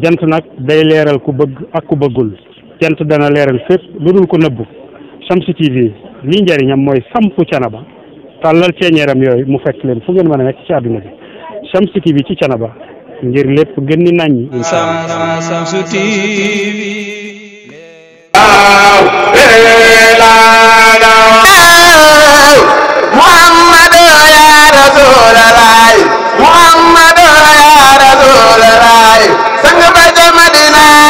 jant nag day leeral ku bëgg ak ku bëggul jant dana leeral fépp lu dul ko nëbbu Shamsu TV lii njëriñam mooy sampu canaba tàllal ceeñeeram yooyu mu fekk leen fu ngeen mën a nekk ci àdduna bi Shamsu TV ci canaba ngir lépp gën ni naññi insha Allah Shamsu TV rasul laay sang ba ca Madina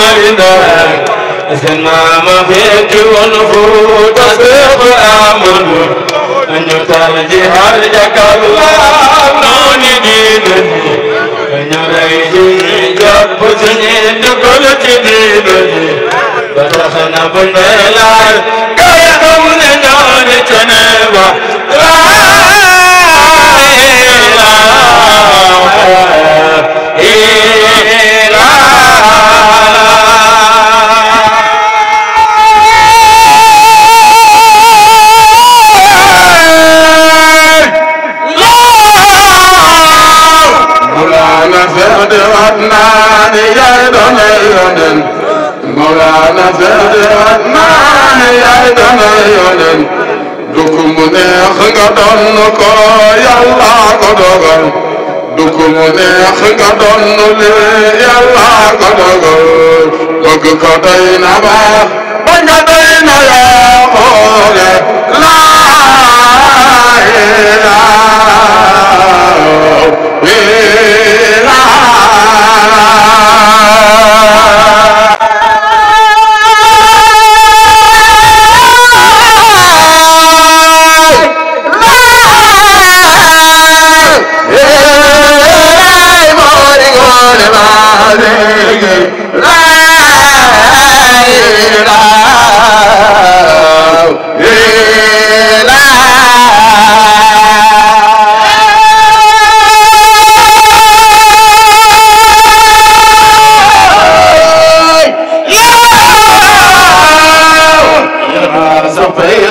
ملدك زنا ما فيك ونفوت تصدق آمن أن يترجي هرجك الله نون دينك أن يريجي جب سنين كل تدينك فتخنا بالميلار كايا دون نار تنبا لا إله إلا الله فقد عدنان يا دنيون مولانا فقد عدنان يا دنيون دكم نيخ غدن كو يلا غدغل دكم نيخ غدن لي يلا غدغل وك كدين با بنا دين يا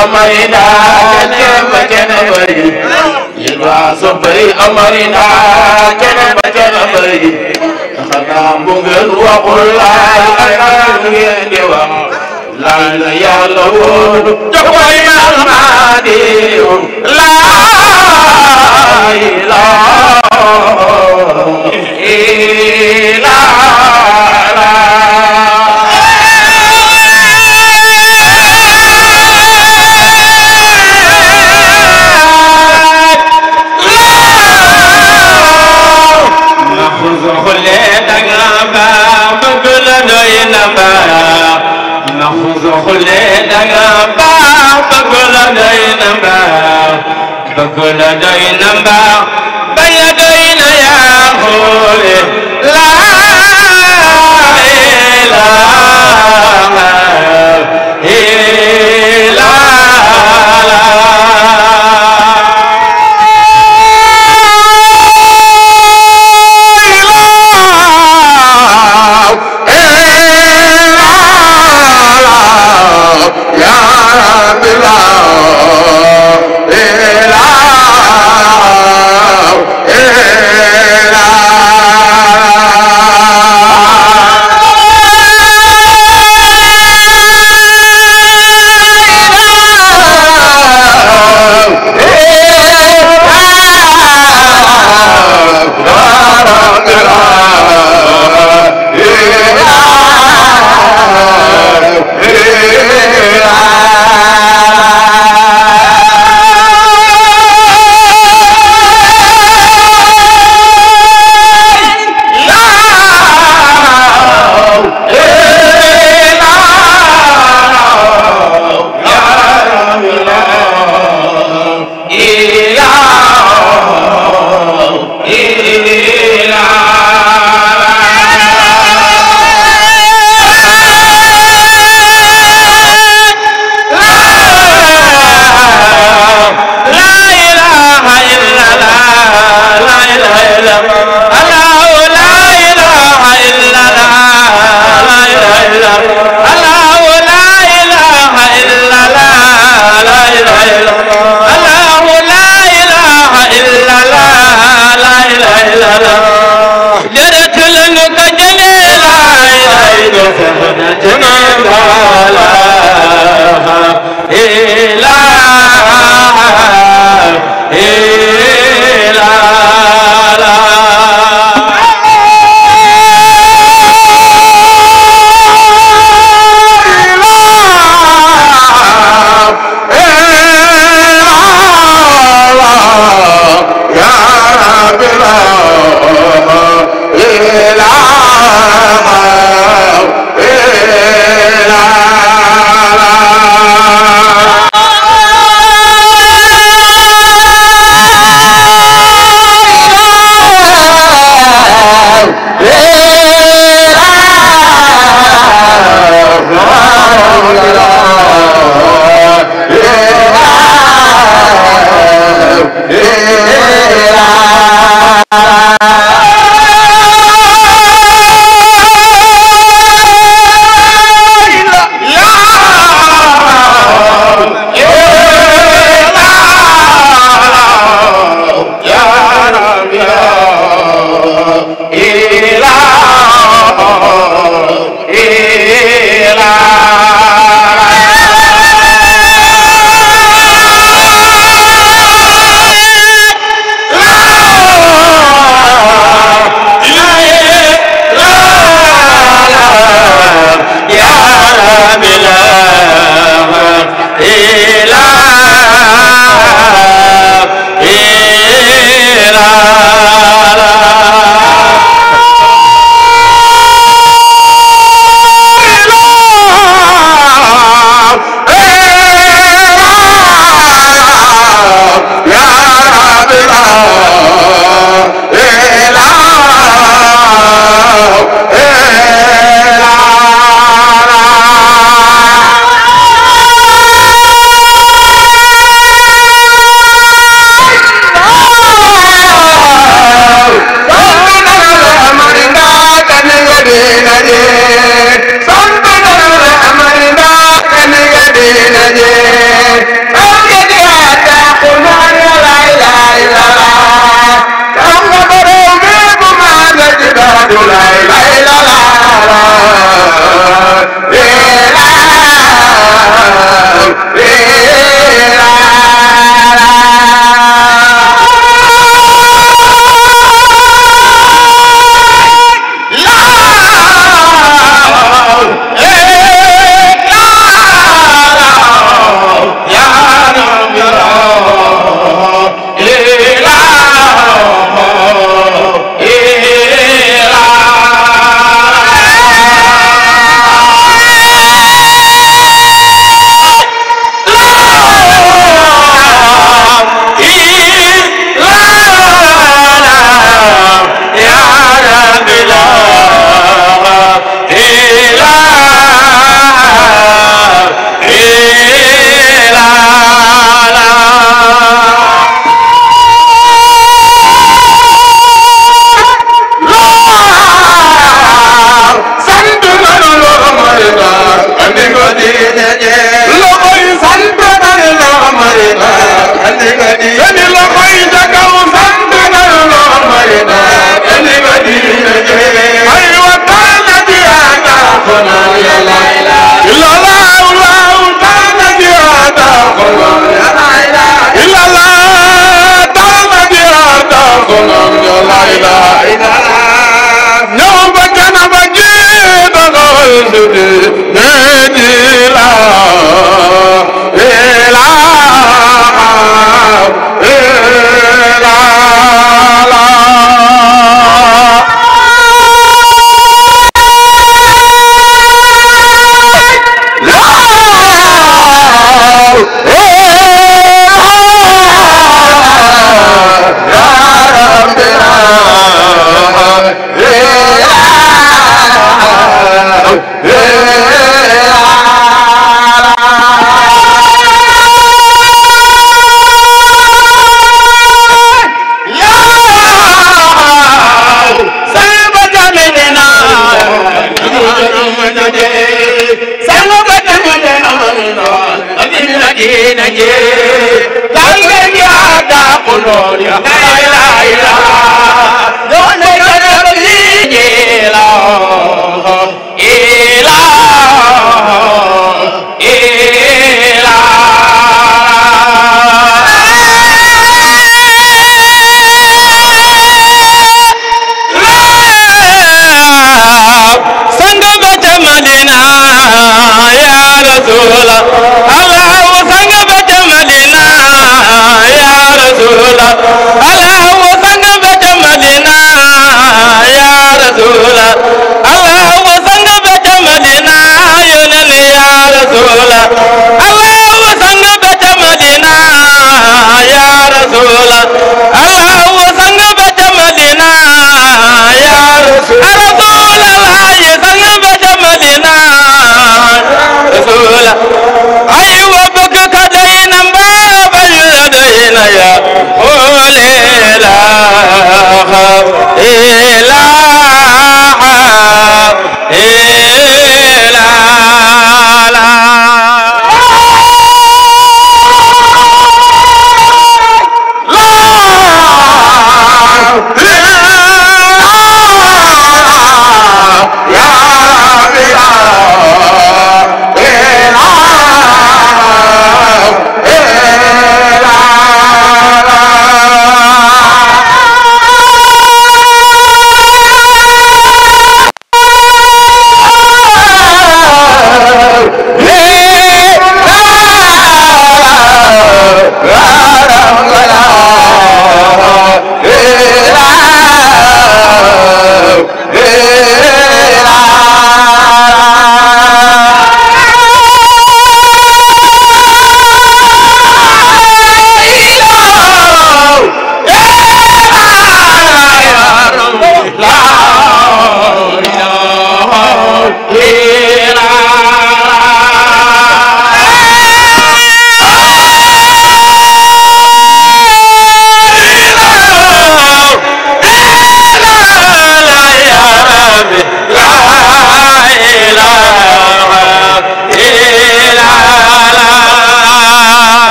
Amarina, Amarina, Amarina, sobay amarina canam ba canam bay xanaa mu ngeen waxul laal xanaa ngeen di wax laal la yàlla woon jox koy maal maa di laay laay بكل دين با بيدين يا هولي لا إله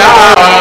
Yeah.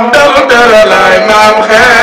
maam dal dara laay maam xeer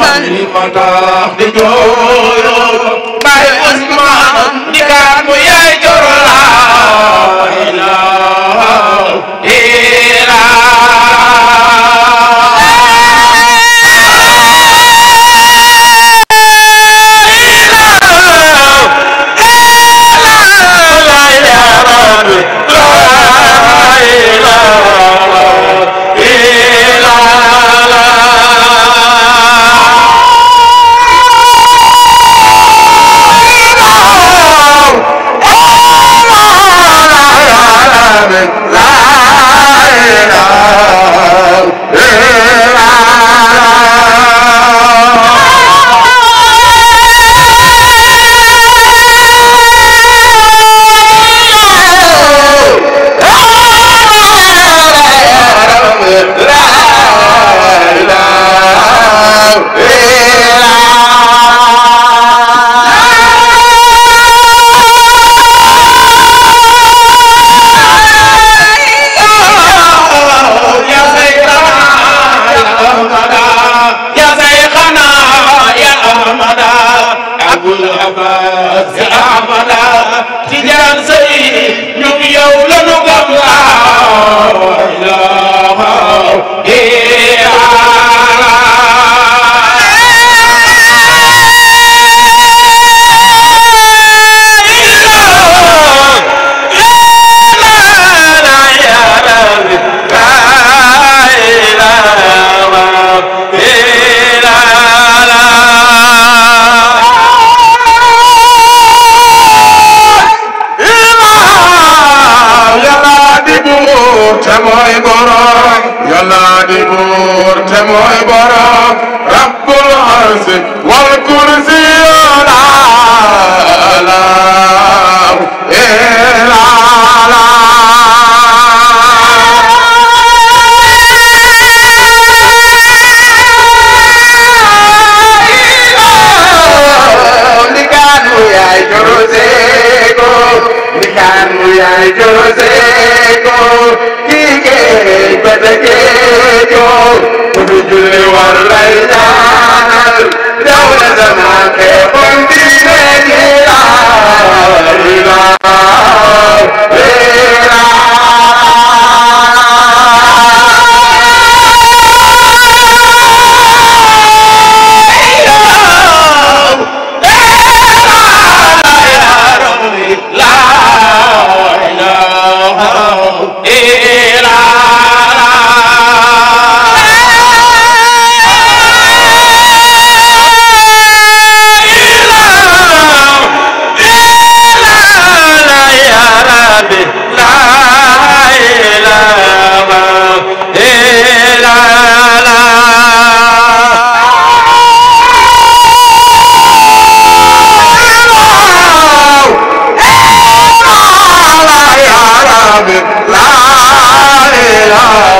man li ma tax di jooy yaay josee ko kii ngeen ba dëggee ko bu fi julli war lay love it. La, la, la.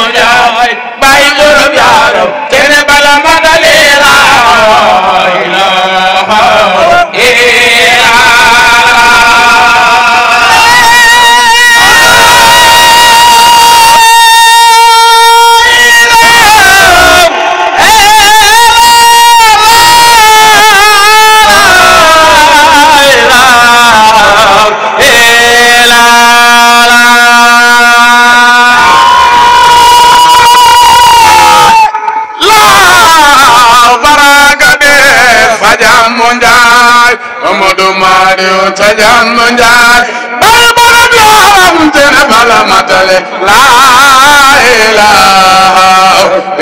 yow ca jaan mu njaay bay barab yoo xamante ne bala matale laa ilaaha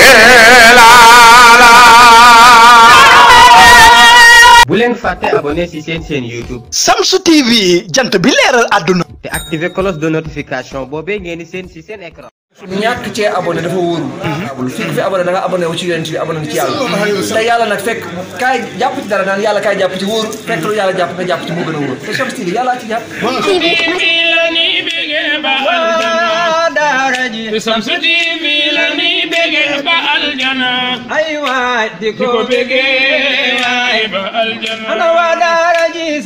illallah bu leen fàtte abonné si seen seen YouTube Shamsu TV jant bi leeral àdduna te activé cloche de notification boobee ngeen di seen si seen écran ñàkk cee abonné dafa wóoru fi fi abonné da nga abonné wu ci yonent bi ci yàlla te yàlla nag fekk kaay jàpp ci dara naan yàlla kaay jàpp ci wóoru fekk lu yàlla jàpp nga jàpp ci mu gën a yàlla jàpp Shamsu TV la ni bégee ba aljana ay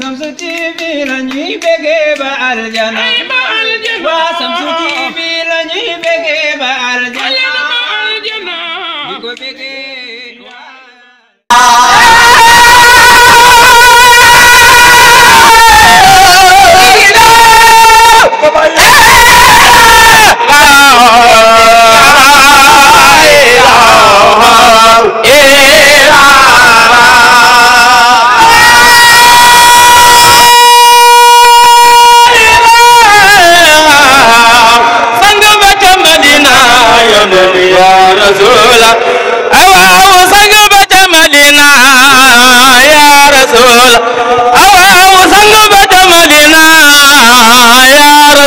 samsu tv la ñuy bëggee ba aljana wa samsu ba aljana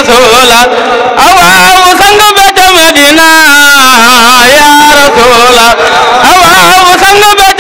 rasulallah awaaw sang ba ca madina ya rasulallah awaaw sang ba